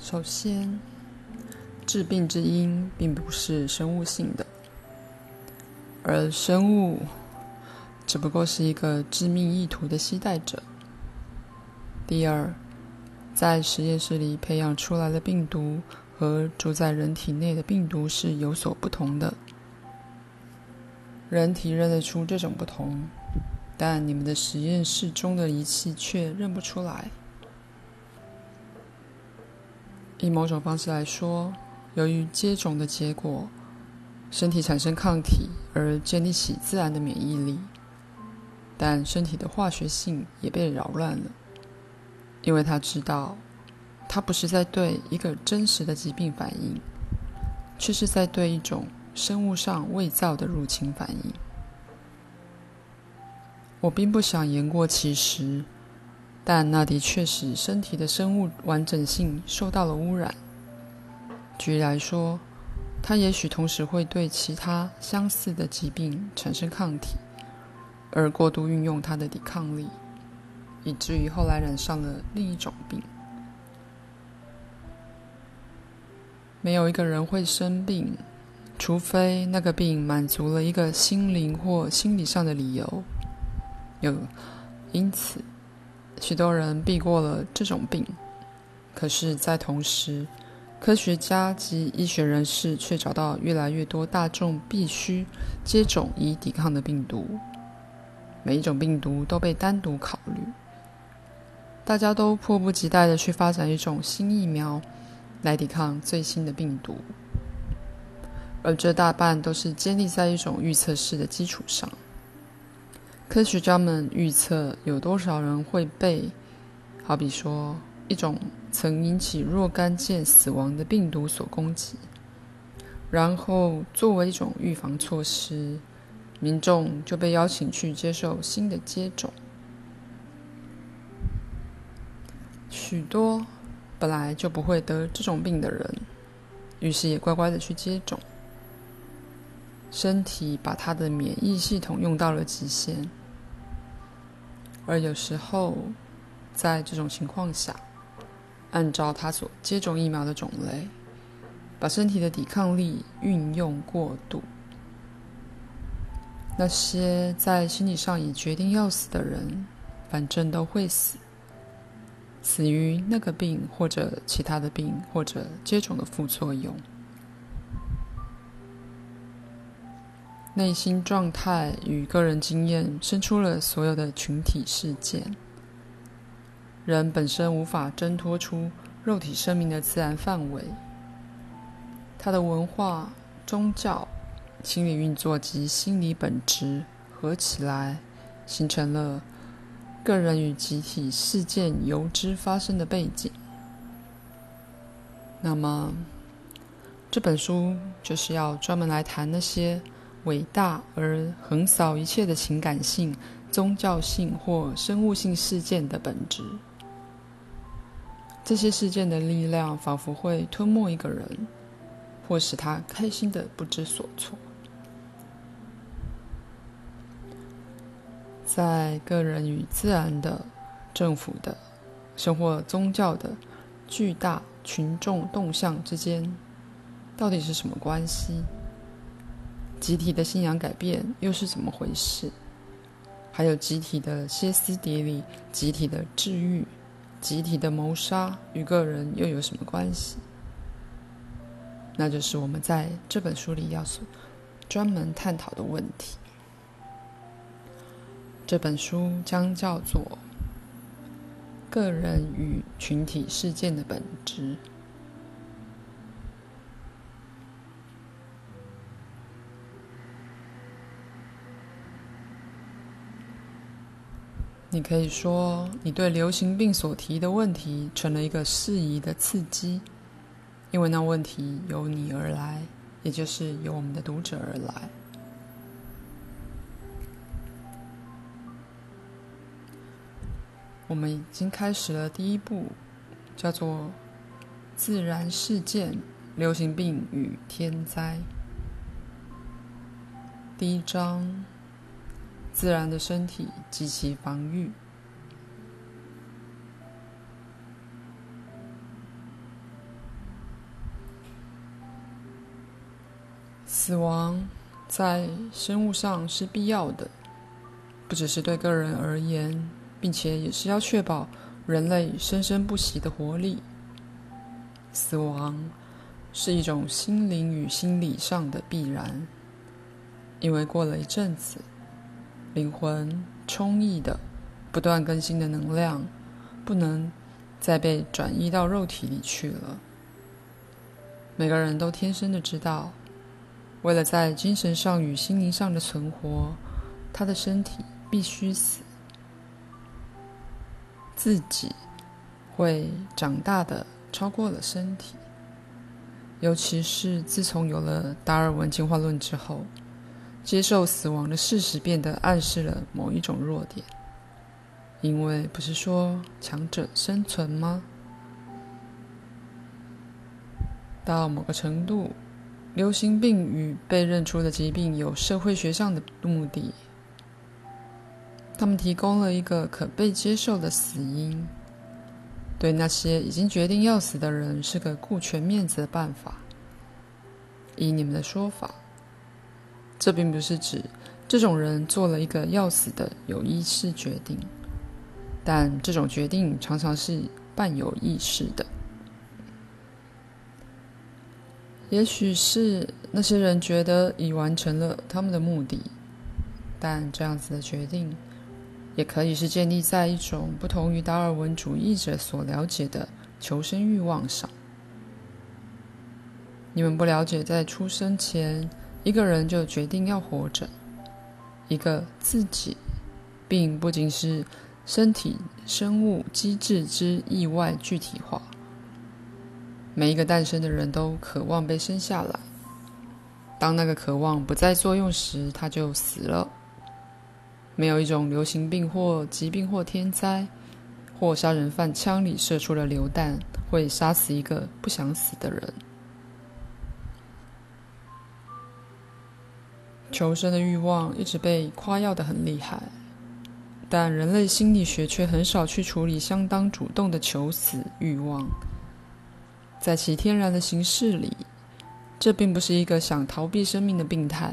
首先，致病之因並不是生物性的，而生物只不過是一個致命意圖的攜帶者。第二，在實驗室裡培養出來的病毒和住在人體內的病毒是有所不同的，人體認得出這種不同，但你們的實驗室中的儀器卻認不出來。以某種方式來說，由於接種的結果，身體產生抗體而建立起自然的免疫力，但身體的化學性也被擾亂了，因為他知道，他不是在對一個真實的疾病反應，卻是在對一種生物上偽造的入侵反應。我並不想言過其實。但那的確使身體的生物完整性受到了污染。舉例來說，它也許同時會對其他相似的疾病產生抗體，而過度運用它的抵抗力，以至於後來染上了另一種病。沒有一個人會生病，除非那個病滿足了一個心靈或心理上的理由。有，因此。許多人避過了這種病，可是，在同時，科學家及醫學人士卻找到越來越多大眾必須接種以抵抗的病毒。每一種病毒都被單獨考慮，大家都迫不及待的去發展一種新疫苗來抵抗最新的病毒，而這大半都是建立在一種預測式的基礎上。科學家們預測有多少人會被，好比說一種曾引起若干件死亡的病毒所攻擊，然後作為一種預防措施，民眾就被邀請去接受新的接種。許多本來就不會得這種病的人，於是也乖乖的去接種，身體把他的免疫系統用到了極限。而有時候，在這種情況下，按照他所接種疫苗的種類，把身體的抵抗力運用過度，那些在心理上已決定要死的人，反正都會死，死於那個病或者其他的病或者接種的副作用。內心狀態與個人經驗生出了所有的群體事件。人本身無法掙脫出肉體生命的自然範圍，他的文化、宗教、心理運作及心理本質合起來，形成了個人與集體事件由之發生的背景。那麼，這本書就是要專門來談那些。偉大而橫掃一切的情感性、宗教性或生物性事件的本質。這些事件的力量仿佛會吞沒一個人，或使他開心得不知所措。在個人與自然的、政府的、生活宗教的巨大群眾動向之間，到底是什麼關係？集體的信仰改變又是怎麼回事？還有集體的歇斯底里、集體的治癒、集體的謀殺與個人又有什麼關係？那就是我們在這本書裡要所專門探討的問題。這本書將叫做《個人與群體事件的本質》。你可以說，你對流行病所提的問題成了一個適宜的刺激，因為那問題由你而來，也就是由我們的讀者而來。我們已經開始了第一部，叫做“自然事件：流行病與天災”，第一章。自然的身體及其防禦。死亡在生物上是必要的，不只是對個人而言，並且也是要確保人類生生不息的活力。死亡是一種心靈與心理上的必然，因為過了一陣子，靈魂充溢的、不斷更新的能量，不能再被轉移到肉體裡去了。每個人都天生的知道，為了在精神上與心靈上的存活，他的身體必須死。自己會長大的超過了身體，尤其是自從有了達爾文進化論之後。接受死亡的事實變得暗示了某一種弱點，因為不是說強者生存嗎？到某個程度，流行病與被認出的疾病有社會學上的目的，他們提供了一個可被接受的死因，對那些已經決定要死的人是個顧全面子的辦法，以你們的說法。這並不是指這種人做了一個要死的有意識決定，但這種決定常常是半有意識的。也許是那些人覺得已完成了他們的目的，但這樣子的決定也可以是建立在一種不同於達爾文主義者所了解的求生慾望上。你們不了解在出生前。一個人就決定要活着，一個自己，並不僅是身體、生物、機制之意外具體化。每一個誕生的人都渴望被生下來，當那個渴望不再作用時，他就死了。沒有一種流行病或疾病或天災，或殺人犯槍裡射出了流彈，會殺死一個不想死的人。求生的欲望一直被誇耀得很厲害，但人類心理學卻很少去處理相當主動的求死欲望。在其天然的形式裡，這並不是一個想逃避生命的病態、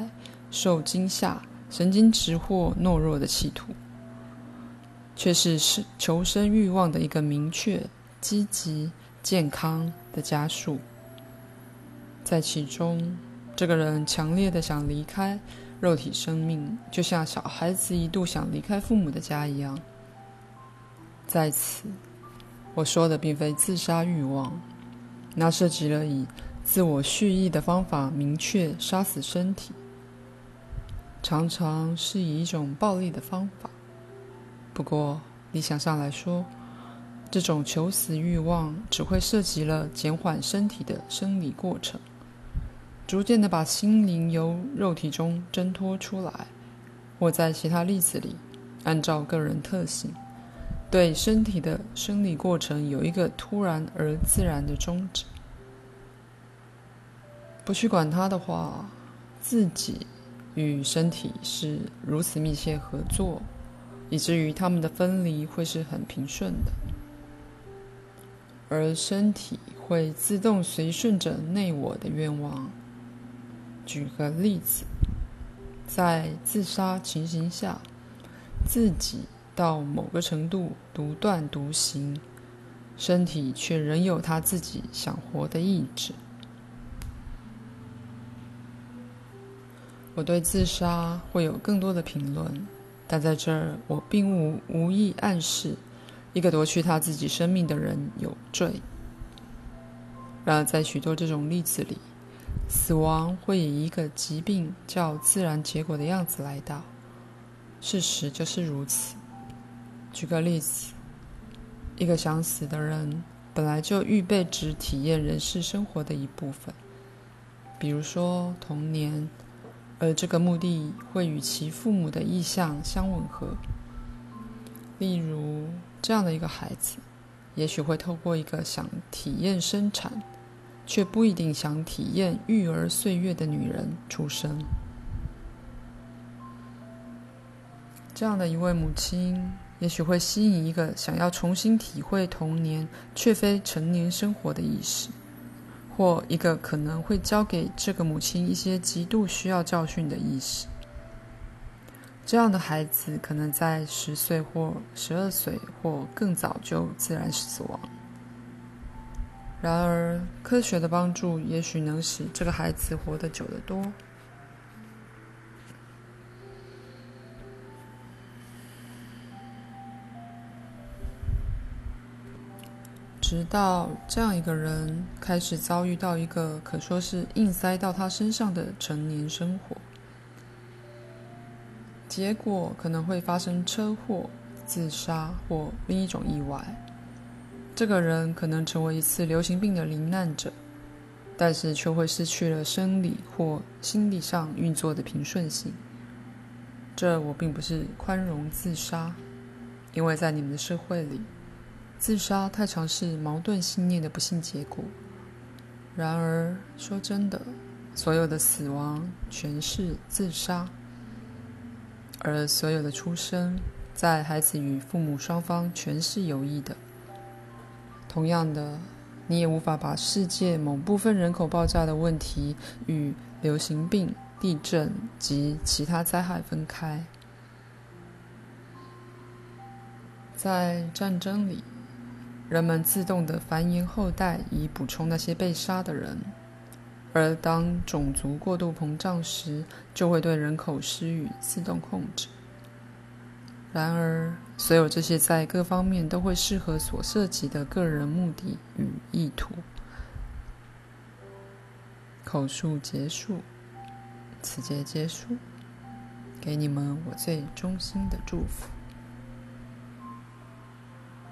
受驚嚇、神經質或懦弱的企圖，卻是是求生欲望的一個明確、積極、健康的加速。在其中。這個人強烈的想離開肉體生命，就像小孩子一度想離開父母的家一樣。在此，我說的並非自殺欲望，那涉及了以自我蓄意的方法明確殺死身體，常常是以一種暴力的方法。不過，理想上來說，這種求死欲望只會涉及了減緩身體的生理過程。逐漸地把心靈由肉體中掙脫出來，或在其他例子裡，按照個人特性，對身體的生理過程有一個突然而自然的終止。不去管它的話，自己與身體是如此密切合作，以至於它們的分離會是很平順的。而身體會自動隨順着內我的願望。舉個例子，在自殺情形下，自己到某個程度獨斷獨行，身體卻仍有他自己想活的意志。我對自殺會有更多的評論，但在這兒我並無無意暗示，一個奪去他自己生命的人有罪。然而，在許多這種例子裡。死亡會以一個疾病叫自然結果的樣子來到，事實就是如此。舉個例子，一個想死的人本來就預備只體驗人世生活的一部分，比如說童年，而這個目的會與其父母的意向相吻合。例如這樣的一個孩子，也許會透過一個想體驗生產。卻不一定想體驗育兒歲月的女人出生。這樣的一位母親，也許會吸引一個想要重新體會童年卻非成年生活的意識，或一個可能會教給這個母親一些極度需要教訓的意識。這樣的孩子可能在十歲或十二歲或更早就自然死亡。然而，科學的幫助也許能使這個孩子活得久得多。直到這樣一個人開始遭遇到一個可說是硬塞到他身上的成年生活，結果可能會發生車禍、自殺或另一種意外。這個人可能成為一次流行病的罹難者，但是卻會失去了生理或心理上運作的平順性。這我並不是寬容自殺，因為在你們的社會裡，自殺太常是矛盾信念的不幸結果。然而說真的，所有的死亡全是自殺，而所有的出生，在孩子與父母雙方全是有益的。同樣的，你也無法把世界某部分人口爆炸的問題與流行病、地震及其他災害分開。在戰爭裡，人們自動的繁衍後代以補充那些被殺的人；而當種族過度膨脹時，就會對人口施予自動控制。然而，所有這些在各方面都會適合所涉及的個人目的與意圖。口述結束，此節結束，給你們我最衷心的祝福。